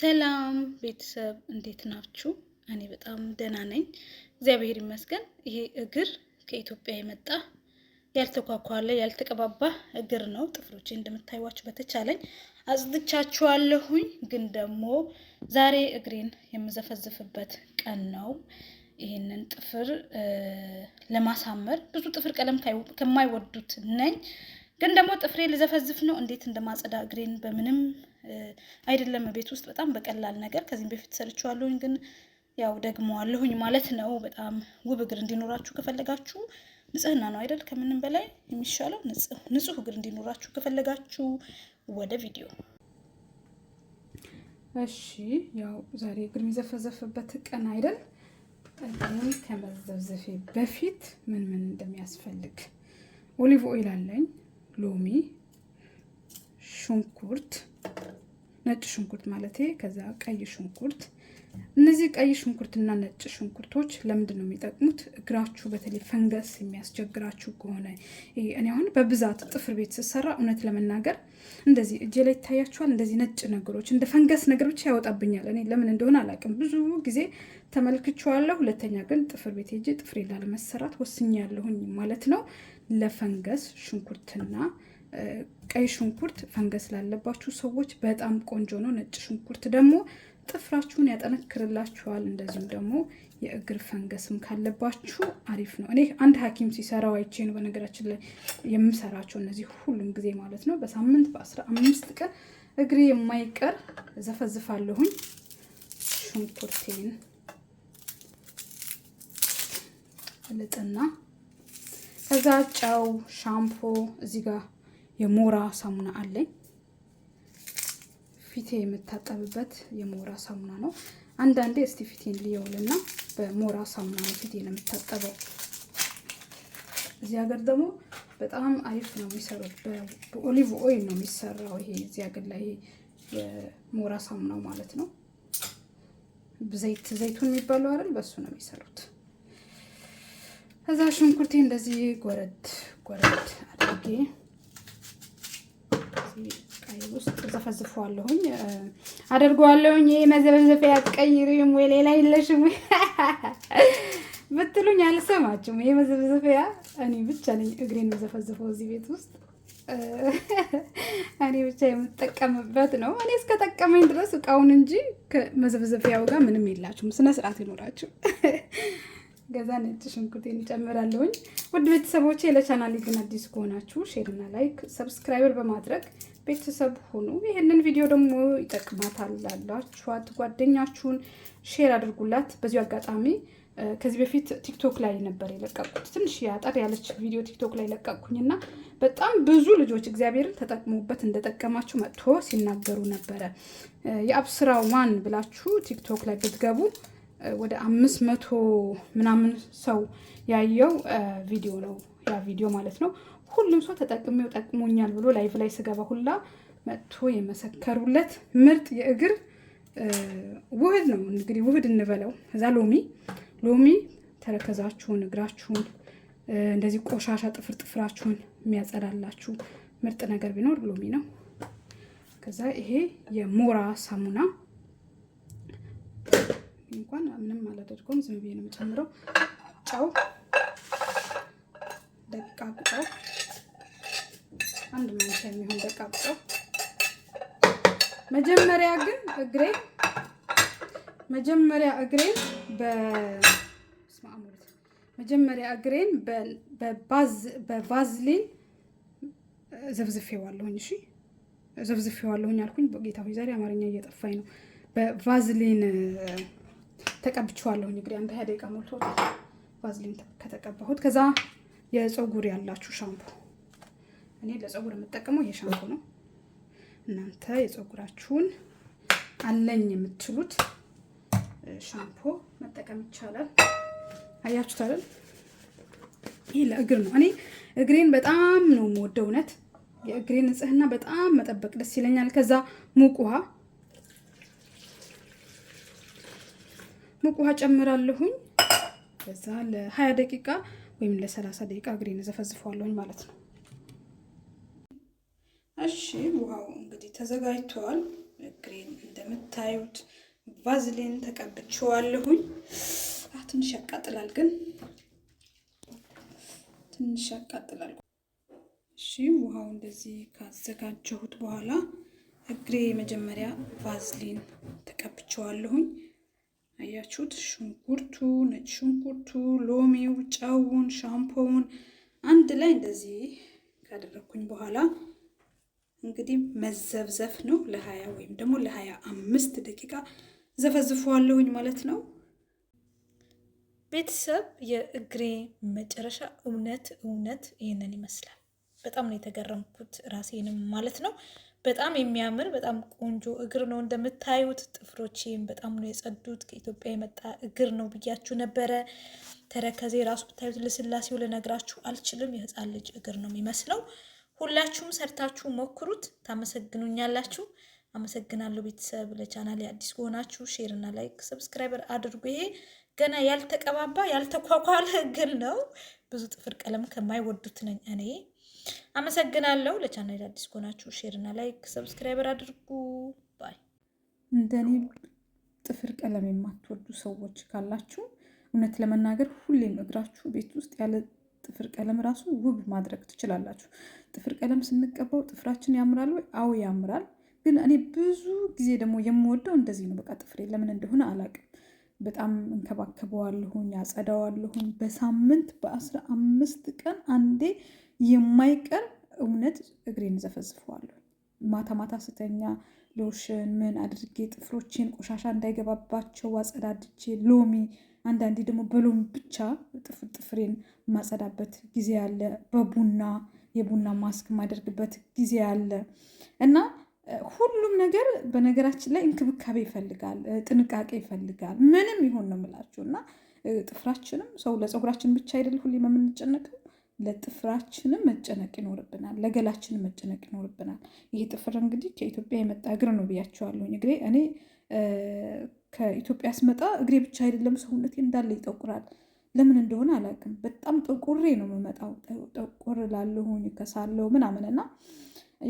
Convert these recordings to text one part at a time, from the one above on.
ሰላም ቤተሰብ እንዴት ናችሁ? እኔ በጣም ደህና ነኝ፣ እግዚአብሔር ይመስገን። ይሄ እግር ከኢትዮጵያ የመጣ ያልተኳኳለ ያልተቀባባ እግር ነው። ጥፍሮቼ እንደምታይዋቸው በተቻለኝ አጽድቻችኋለሁኝ፣ ግን ደግሞ ዛሬ እግሬን የምዘፈዝፍበት ቀን ነው። ይህንን ጥፍር ለማሳመር ብዙ ጥፍር ቀለም ከማይወዱት ነኝ፣ ግን ደግሞ ጥፍሬ ልዘፈዝፍ ነው። እንዴት እንደማጸዳ እግሬን በምንም አይደለም ቤት ውስጥ በጣም በቀላል ነገር ከዚህም በፊት ሰርችዋለሁኝ፣ ግን ያው አለሁኝ ማለት ነው። በጣም ውብ እግር እንዲኖራችሁ ከፈለጋችሁ ንጽህና ነው አይደል? ከምንም በላይ የሚሻለው ንጹህ እግር እንዲኖራችሁ ከፈለጋችሁ ወደ ቪዲዮ እሺ። ያው ዛሬ እግር የሚዘፈዘፍበት ቀን አይደል? እግሩን ከመዘፍዘፌ በፊት ምን ምን እንደሚያስፈልግ ኦሊቭ ኦይል አለኝ፣ ሎሚ፣ ሽንኩርት ነጭ ሽንኩርት ማለት ከዛ ቀይ ሽንኩርት። እነዚህ ቀይ ሽንኩርትና ነጭ ሽንኩርቶች ለምንድን ነው የሚጠቅሙት? እግራችሁ በተለይ ፈንገስ የሚያስቸግራችሁ ከሆነ እኔ አሁን በብዛት ጥፍር ቤት ስሰራ እውነት ለመናገር እንደዚህ እጄ ላይ ይታያችኋል፣ እንደዚህ ነጭ ነገሮች እንደ ፈንገስ ነገር ብቻ ያወጣብኛል። እኔ ለምን እንደሆነ አላውቅም፣ ብዙ ጊዜ ተመልክቼዋለሁ። ሁለተኛ ግን ጥፍር ቤት ሄጄ ጥፍሬ ላለመሰራት ወስኛለሁኝ ማለት ነው። ለፈንገስ ሽንኩርትና ቀይ ሽንኩርት ፈንገስ ላለባችሁ ሰዎች በጣም ቆንጆ ነው። ነጭ ሽንኩርት ደግሞ ጥፍራችሁን ያጠነክርላችኋል። እንደዚሁም ደግሞ የእግር ፈንገስም ካለባችሁ አሪፍ ነው። እኔ አንድ ሐኪም ሲሰራው አይቼ ነው በነገራችን ላይ የምሰራቸው እነዚህ ሁሉም ጊዜ ማለት ነው። በሳምንት በአስራ አምስት ቀን እግሬ የማይቀር ዘፈዝፋለሁኝ ሽንኩርቴን ልጥና ከዛ ጨው፣ ሻምፖ እዚህ ጋር የሞራ ሳሙና አለኝ። ፊቴ የምታጠብበት የሞራ ሳሙና ነው። አንዳንዴ እስቲ ፊቴን ልየውልና በሞራ ሳሙና ነው ፊቴን የምታጠበው። እዚህ ሀገር ደግሞ በጣም አሪፍ ነው የሚሰሩት። በኦሊቭ ኦይል ነው የሚሰራው። ይሄ እዚህ ሀገር ላይ የሞራ ሳሙናው ማለት ነው። ዘይት ዘይቱን የሚባለው አይደል? በእሱ ነው የሚሰሩት። እዛ ሽንኩርቴ እንደዚህ ጎረድ ጎረድ አድርጌ ቀይ ውስጥ ዘፈዝፈዋለሁኝ አደርገዋለሁኝ። ይሄ መዘፈዘፊያ አትቀይሪም ወይ ሌላ የለሽም ብትሉኝ አልሰማችሁም። ይሄ መዘፈዘፊያ እኔ ብቻ ነኝ እግሬን መዘፈዘፈው እዚህ ቤት ውስጥ እኔ ብቻ የምጠቀምበት ነው። እኔ እስከጠቀመኝ ድረስ እቃውን እንጂ ከመዘፍዘፊያው ጋር ምንም የላችሁም። ስነ ስርዓት ይኖራችሁ። ገዛ ነጭ ሽንኩርት እጨምራለሁኝ። ውድ ቤተሰቦቼ ለቻናሌ ግን አዲስ ከሆናችሁ ሼርና ላይክ ሰብስክራይበር በማድረግ ቤተሰብ ሁኑ። ይህንን ቪዲዮ ደግሞ ይጠቅማታል ላላችኋት ጓደኛችሁን ሼር አድርጉላት። በዚሁ አጋጣሚ ከዚህ በፊት ቲክቶክ ላይ ነበር የለቀቁት ትንሽ ያጠር ያለች ቪዲዮ ቲክቶክ ላይ ለቀቅኩኝና በጣም ብዙ ልጆች እግዚአብሔርን ተጠቅሞበት እንደጠቀማችሁ መጥቶ ሲናገሩ ነበረ። የአብስራ ዋን ብላችሁ ቲክቶክ ላይ ብትገቡ ወደ አምስት መቶ ምናምን ሰው ያየው ቪዲዮ ነው ያ ቪዲዮ ማለት ነው። ሁሉም ሰው ተጠቅሜው ጠቅሞኛል ብሎ ላይቭ ላይ ስገባ ሁላ መጥቶ የመሰከሩለት ምርጥ የእግር ውህድ ነው። እንግዲህ ውህድ እንበለው። ከዛ ሎሚ ሎሚ ተረከዛችሁን፣ እግራችሁን እንደዚህ ቆሻሻ ጥፍር ጥፍራችሁን የሚያጸዳላችሁ ምርጥ ነገር ቢኖር ሎሚ ነው። ከዛ ይሄ የሞራ ሳሙና እንኳን ምንም አላደርገውም። ዝም ብዬ ነው የምጨምረው። ጨው፣ ደቃቅ ጨው አንድ ማንኪያ የሚሆን ደቃቅ ጨው። መጀመሪያ ግን እግሬ መጀመሪያ እግሬን በ መጀመሪያ እግሬን በቫዝሊን ዘፍዝፌዋለሁኝ። እሺ ዘፍዝፌዋለሁኝ አልኩኝ። ጌታ ሆይ ዛሬ አማርኛ እየጠፋኝ ነው። በቫዝሊን ተቀብቼዋለሁ። እንግዲህ አንድ ሀያ ደቂቃ ቫዝሊን ከተቀባሁት ከዛ የፀጉር ያላችሁ ሻምፖ፣ እኔ ለፀጉር የምጠቀመው ይሄ ሻምፖ ነው። እናንተ የፀጉራችሁን አለኝ የምትሉት ሻምፖ መጠቀም ይቻላል። አያችሁት አይደል? ይህ ለእግር ነው። እኔ እግሬን በጣም ነው የምወደው። እውነት የእግሬን ንጽህና በጣም መጠበቅ ደስ ይለኛል። ከዛ ሙቅ ውሃ ሙቅ ውሃ ጨምራለሁኝ። ከዛ ለ20 ደቂቃ ወይም ለ30 ደቂቃ እግሬን ዘፈዝፈዋለሁኝ ማለት ነው። እሺ ውሃው እንግዲህ ተዘጋጅቷል። እግሬን እንደምታዩት ቫዝሊን ተቀብቼዋለሁኝ። ትንሽ ያቃጥላል ግን ትንሽ ያቃጥላል። እሺ ውሃው እንደዚህ ካዘጋጀሁት በኋላ እግሬ መጀመሪያ ቫዝሊን ተቀብቼዋለሁኝ። አያችሁት? ሽንኩርቱ፣ ነጭ ሽንኩርቱ፣ ሎሚው፣ ጨውን፣ ሻምፖውን አንድ ላይ እንደዚህ ካደረግኩኝ በኋላ እንግዲህ መዘብዘፍ ነው። ለሀያ ወይም ደግሞ ለሀያ አምስት ደቂቃ ዘፈዝፈዋለሁኝ ማለት ነው። ቤተሰብ የእግሬ መጨረሻ እውነት እውነት ይህንን ይመስላል። በጣም ነው የተገረምኩት ራሴንም ማለት ነው። በጣም የሚያምር በጣም ቆንጆ እግር ነው እንደምታዩት። ጥፍሮቼም በጣም ነው የጸዱት። ከኢትዮጵያ የመጣ እግር ነው ብያችሁ ነበረ። ተረከዜ ራሱ ብታዩት ልስላሴው ልነግራችሁ አልችልም። የህፃን ልጅ እግር ነው የሚመስለው። ሁላችሁም ሰርታችሁ ሞክሩት፣ ታመሰግኑኛላችሁ። አመሰግናለሁ ቤተሰብ። ለቻናል አዲስ ከሆናችሁ ሼር እና ላይክ፣ ሰብስክራይበር አድርጉ። ይሄ ገና ያልተቀባባ ያልተኳኳለ እግር ነው። ብዙ ጥፍር ቀለም ከማይወዱት ነኝ እኔ። አመሰግናለሁ። ለቻናል አዲስ ከሆናችሁ ሼርና ላይክ፣ ሰብስክራይበር አድርጉ። ባይ። እንደኔ ጥፍር ቀለም የማትወዱ ሰዎች ካላችሁ እውነት ለመናገር ሁሌም እግራችሁ ቤት ውስጥ ያለ ጥፍር ቀለም ራሱ ውብ ማድረግ ትችላላችሁ። ጥፍር ቀለም ስንቀባው ጥፍራችን ያምራል ወይ? አዎ ያምራል። ግን እኔ ብዙ ጊዜ ደግሞ የምወደው እንደዚህ ነው። በቃ ጥፍሬ ለምን እንደሆነ አላውቅም። በጣም እንከባከበዋለሁኝ፣ ያጸዳዋለሁኝ። በሳምንት በአስራ አምስት ቀን አንዴ የማይቀር እውነት እግሬን ዘፈዝፈዋለሁ። ማታ ማታ ስተኛ ሎሽን ምን አድርጌ ጥፍሮቼን ቆሻሻ እንዳይገባባቸው አጸዳድቼ ሎሚ፣ አንዳንዴ ደግሞ በሎሚ ብቻ ጥፍር ጥፍሬን ማጸዳበት ጊዜ አለ። በቡና የቡና ማስክ ማደርግበት ጊዜ አለ እና ሁሉም ነገር በነገራችን ላይ እንክብካቤ ይፈልጋል፣ ጥንቃቄ ይፈልጋል። ምንም ይሆን ነው የምላችሁ እና ጥፍራችንም ሰው ለፀጉራችን ብቻ አይደል ሁሌ የምንጨነቀው ለጥፍራችንም መጨነቅ ይኖርብናል፣ ለገላችንም መጨነቅ ይኖርብናል። ይህ ጥፍር እንግዲህ ከኢትዮጵያ የመጣ እግር ነው ብያቸዋለሁኝ። እግሬ እኔ ከኢትዮጵያ ስመጣ እግሬ ብቻ አይደለም ሰውነቴ እንዳለ ይጠቁራል። ለምን እንደሆነ አላውቅም። በጣም ጠቁሬ ነው የምመጣው። ጠቁር ላለሁኝ ከሳለው ምናምን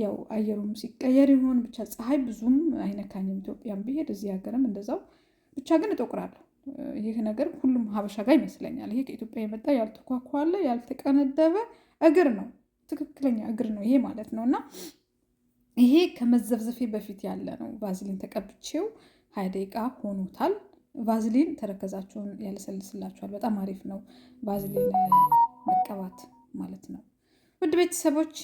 ያው አየሩም ሲቀየር ይሆን ብቻ ፀሐይ ብዙም አይነካኝም። ኢትዮጵያም ብሄድ እዚህ ሀገርም እንደዛው ብቻ ግን እጠቁራለሁ። ይህ ነገር ሁሉም ሀበሻ ጋር ይመስለኛል። ይሄ ከኢትዮጵያ የመጣ ያልተኳኳለ ያልተቀነደበ እግር ነው፣ ትክክለኛ እግር ነው ይሄ ማለት ነው። እና ይሄ ከመዘፍዘፌ በፊት ያለ ነው። ቫዝሊን ተቀብቼው ሀያ ደቂቃ ሆኖታል። ቫዝሊን ተረከዛችሁን ያለሰልስላችኋል። በጣም አሪፍ ነው ቫዝሊን መቀባት ማለት ነው። ውድ ቤተሰቦቼ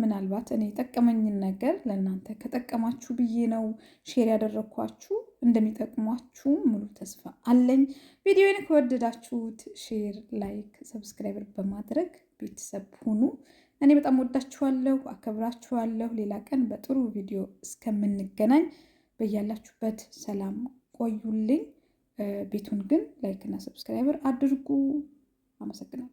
ምናልባት እኔ የጠቀመኝን ነገር ለእናንተ ከጠቀማችሁ ብዬ ነው ሼር ያደረግኳችሁ። እንደሚጠቅሟችሁ ሙሉ ተስፋ አለኝ። ቪዲዮን ከወደዳችሁት ሼር፣ ላይክ፣ ሰብስክራይብ በማድረግ ቤተሰብ ሁኑ። እኔ በጣም ወዳችኋለሁ፣ አከብራችኋለሁ። ሌላ ቀን በጥሩ ቪዲዮ እስከምንገናኝ በያላችሁበት ሰላም ቆዩልኝ። ቤቱን ግን ላይክና ሰብስክራይብር አድርጉ። አመሰግናለሁ።